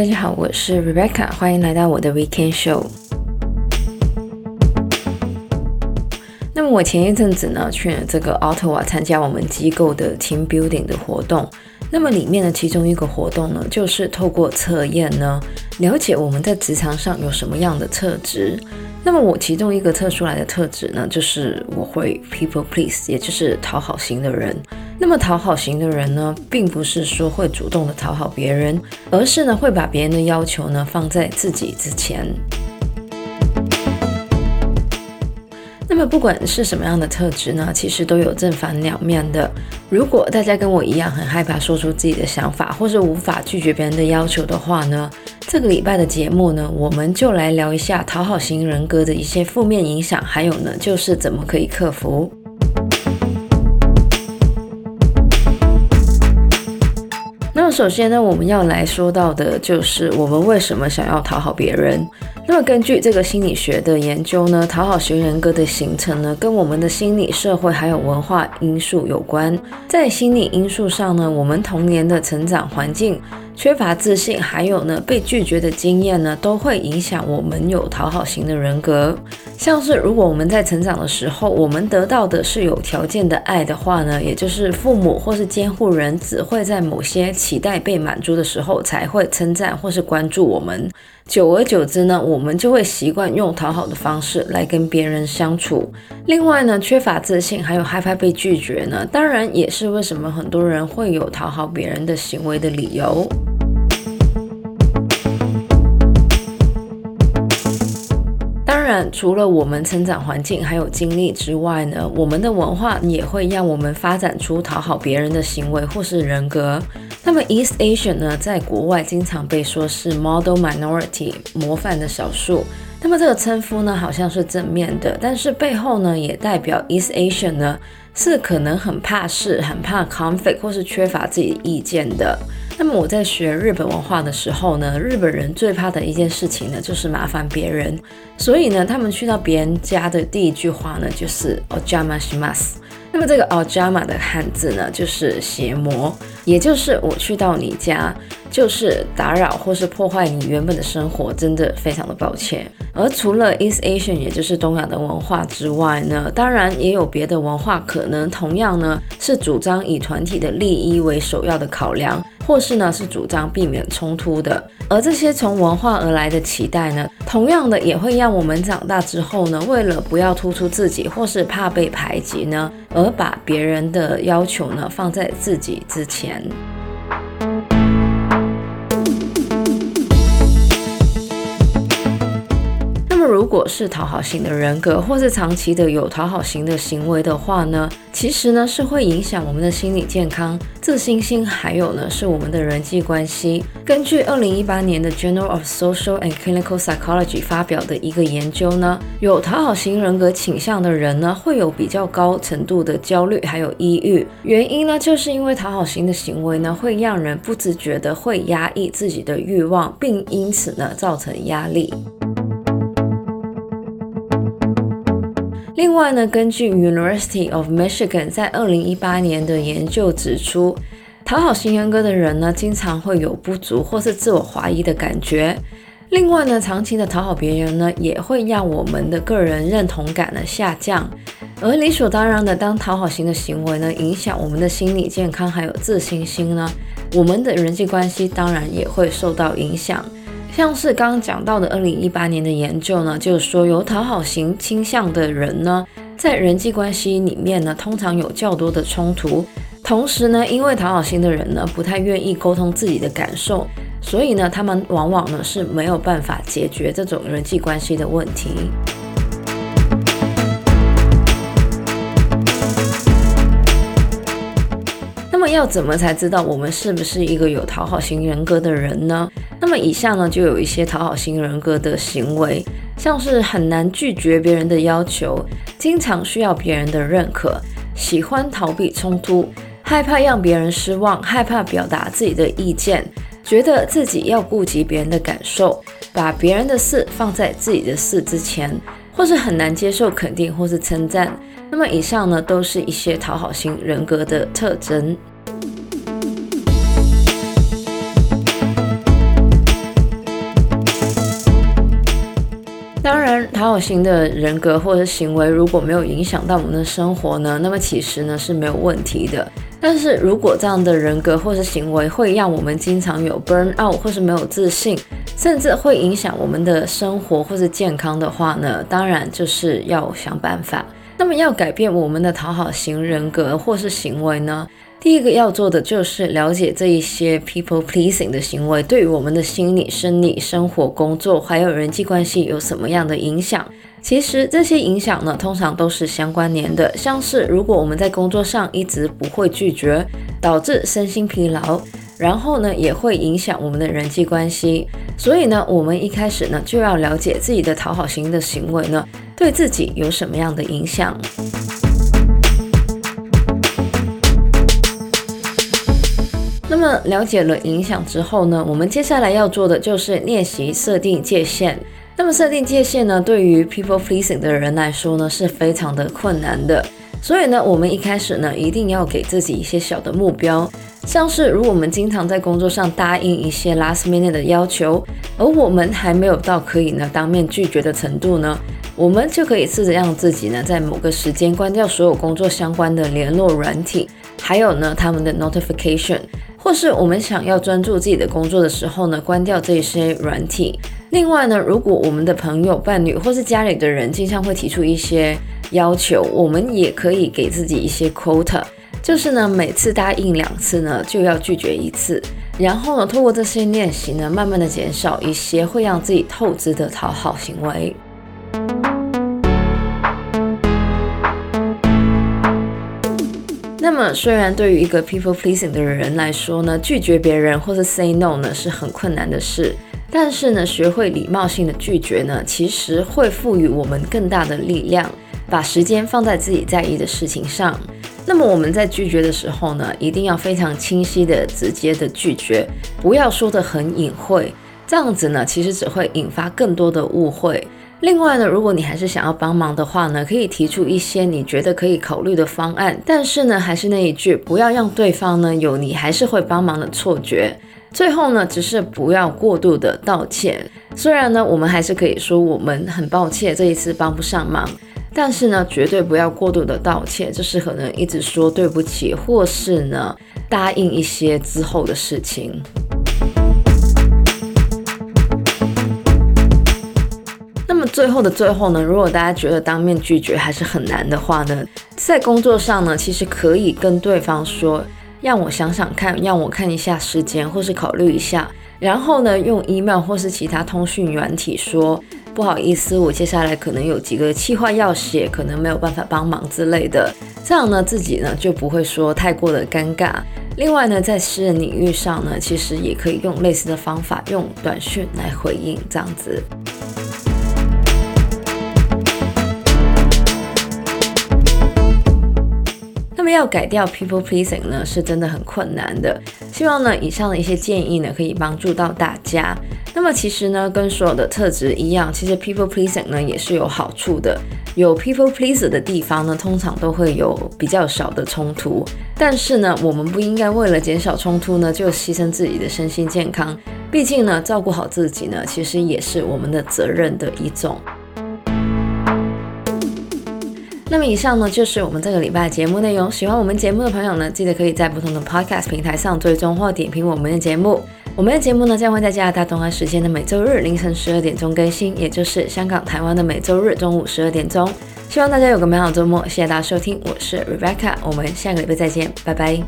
大家好，我是 Rebecca，歡迎來到我的 Weekend Show。那麼我前一陣子呢，去了這個 Ottawa 啊，參加我們機構的 Team Building 的活動。那麼裡面的其中一個活動呢，就是透過測驗呢，了解我們在職場上有什麼樣的特質。那麼我其中一個測出來的特質呢，就是我會 People Please，也就是討好型的人。那麼討好型的人呢，並不是說會主動的討好別人，而是呢會把別人的要求呢放在自己之前。那麼不管是什麼樣的特質呢，其實都有正反兩面的。如果大家跟我一樣很害怕說出自己的想法，或是無法拒絕別人的要求的話呢，這個禮拜的節目呢，我們就來聊一下討好型人格的一些負面影響，還有呢就是怎麼可以克服。那首先呢，我們要來說到的就是我們為什麼想要討好別人。那麼根據這個心理學的研究呢，討好型人格的形成呢，跟我們的心理、社會還有文化因素有關。在心理因素上呢，我們童年的成長環境，缺乏自信，還有呢，被拒絕的經驗呢，都會影響我們有討好型的人格。像是如果我們在成長的時候，我們得到的是有條件的愛的話呢，也就是父母或是監護人只會在某些期待被滿足的時候才會稱讚或是關注我們。久而久之呢，我們就會習慣用討好的方式來跟別人相處。另外呢，缺乏自信，還有害怕被拒絕呢，當然也是為什麼很多人會有討好別人的行為的理由。除了我們成長環境還有經歷之外呢，我們的文化也會讓我們發展出討好別人的行為或是人格。那麼 East Asian 呢，在國外經常被說是 Model Minority，模範的少數。那麼這個稱呼呢，好像是正面的，但是背後呢，也代表 East Asian 呢，是可能很怕事、很怕 conflict 或是缺乏自己的意見的。那麼我在學日本文化的時候呢，日本人最怕的一件事情呢，就是麻煩別人。所以呢，他們去到別人家的第一句話呢，就是 “ojama shimasu”。那麼這個 “ojama” 的漢字呢，就是邪魔，也就是我去到你家，就是打擾或是破壞你原本的生活，真的非常的抱歉。而除了 East Asian，也就是東亞的文化之外呢，當然也有別的文化，可能同樣呢是主張以團體的利益為首要的考量。或是呢，是主張避免衝突的。而這些從文化而來的期待呢，同樣的也會讓我們長大之後呢，為了不要突出自己，或是怕被排擠呢，而把別人的要求呢放在自己之前。如果是討好型的人格，或是長期的有討好型的行為的話呢，其實呢是會影響我們的心理健康、自信心，還有呢是我們的人際關係。根據二零一八年的 Journal of Social and Clinical Psychology 發表的一個研究呢，有討好型人格傾向的人呢，會有比較高程度的焦慮還有抑鬱。原因呢，就是因為討好型的行為呢，會讓人不自覺的會壓抑自己的慾望，並因此呢造成壓力。另外呢，根據 University of Michigan 在二零一八年的研究指出，討好型人格的人呢，經常會有不足或是自我懷疑的感覺。另外呢，長期的討好別人呢，也會讓我們的個人認同感呢下降。而理所當然的，當討好型的行為呢，影響我們的心理健康還有自信心呢，我們的人際關係當然也會受到影響。像是剛剛講到的二零一八年的研究呢，就是說有討好型傾向的人呢，在人際關係裡面呢，通常有較多的衝突。同時呢，因為討好型的人呢，不太願意溝通自己的感受，所以呢，他們往往呢是沒有辦法解決這種人際關係的問題。 那麼要怎麼才知道我們是不是一個有討好型人格的人呢？那麼以下呢，就有一些討好型人格的行為，像是很難拒絕別人的要求，經常需要別人的認可，喜歡逃避衝突，害怕讓別人失望，害怕表達自己的意見，覺得自己要顧及別人的感受，把別人的事放在自己的事之前，或是很難接受肯定或是稱讚。那麼以上呢，都是一些討好型人格的特徵。討好型的人格或者行為，如果沒有影響到我們的生活呢，那麼其實呢是沒有問題的。但是如果這樣的人格或是行為會讓我們經常有 burn out 或是沒有自信，甚至會影響我們的生活或是健康的話呢，當然就是要想辦法。那麼要改變我們的討好型人格或是行為呢？第一個要做的就是了解這一些 people pleasing 的行為，對於我們的心理、生理、生活、工作，還有人際關係有什麼樣的影響？其實這些影響呢，通常都是相關聯的。像是如果我們在工作上一直不會拒絕，導致身心疲勞，然後呢，也會影響我們的人際關係。所以呢，我們一開始呢，就要了解自己的討好型的行為呢，對自己有什麼樣的影響。那麼了解了影響之後呢，我們接下來要做的就是練習設定界限。那麼設定界限呢，對於 people pleasing 的人來說呢，是非常的困難的。所以呢，我們一開始呢，一定要給自己一些小的目標。像是如果我們經常在工作上答應一些 last minute 的要求，而我們還沒有到可以呢當面拒絕的程度呢，我們就可以試着讓自己呢，在某個時間關掉所有工作相關的聯絡軟體，還有呢他們的 notification。或是我們想要專注自己的工作的時候呢，關掉這些軟體。另外呢，如果我們的朋友、伴侶或是家裡的人經常會提出一些要求，我們也可以給自己一些 quota，就是呢，每次答應兩次呢，就要拒絕一次。然後呢，透過這些練習呢，慢慢的減少一些會讓自己透支的討好行為。雖然對於一個 people pleasing 的人來說呢，拒絕別人或者 say no 呢是很困難的事，但是呢，學會禮貌性的拒絕呢，其實會賦予我們更大的力量，把時間放在自己在意的事情上。那麼我們在拒絕的時候呢，一定要非常清晰的、直接的拒絕，不要說得很隱晦，這樣子呢，其實只會引發更多的誤會。另外呢，如果你還是想要幫忙的話呢，可以提出一些你覺得可以考慮的方案。但是呢，還是那一句，不要讓對方呢有你還是會幫忙的錯覺。最後呢，只是不要過度的道歉。雖然呢，我們還是可以說我們很抱歉這一次幫不上忙，但是呢，絕對不要過度的道歉，就是可能一直說對不起，或是呢答應一些之後的事情。最後的最後呢，如果大家覺得當面拒絕還是很難的話呢，在工作上呢，其實可以跟對方說，讓我想想看，讓我看一下時間，或是考慮一下，然後呢，用 email 或是其他通訊軟體說，不好意思，我接下來可能有幾個企劃要寫，可能沒有辦法幫忙之類的，這樣呢，自己呢就不會說太過的尷尬。另外呢，在私人領域上呢，其實也可以用類似的方法，用短訊來回應，這樣子。要改掉 people pleasing 呢，是真的很困難的。希望呢，以上的一些建議呢，可以幫助到大家。那麼其實呢，跟所有的特質一樣，其實 people pleasing 呢，也是有好處的。有 people pleasing 的地方呢，通常都會有比較少的衝突。但是呢，我們不應該為了減少衝突呢，就犧牲自己的身心健康。畢竟呢，照顧好自己呢，其實也是我們的責任的一種。那麼以上呢，就是我們這個禮拜節目內容。喜歡我們節目的朋友呢，記得可以在不同的 Podcast 平台上追蹤或點評我們的節目。我們的節目呢，將會在加拿大東岸時間的每周日凌晨十二點鐘更新，也就是香港、台灣的每周日中午十二點鐘。希望大家有個美好的周末，謝謝大家收聽，我是 Rebecca，我們下個禮拜再見，拜拜。